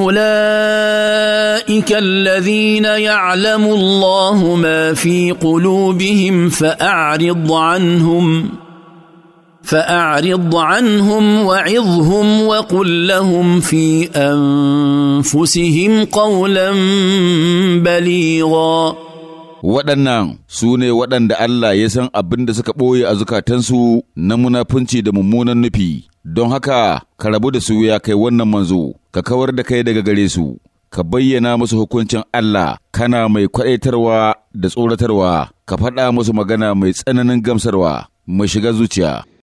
اولئك الذين يعلم الله ما في قلوبهم فاعرض عنهم فاعرض عنهم وعظهم وقل لهم في انفسهم قولا بليغا waɗannan su ne waɗanda Allah ya san abin da suka ɓoye a zukatansu na munafunci da mummunan nufi don haka ka rabu da su ya kai wannan manzo ka kawar da kai daga gare su, ka bayyana musu hukuncin Allah, kana mai kwaɗaitarwa da tsoratarwa, ka faɗa musu magana mai tsananin gamsarwa, mu shiga zuciya.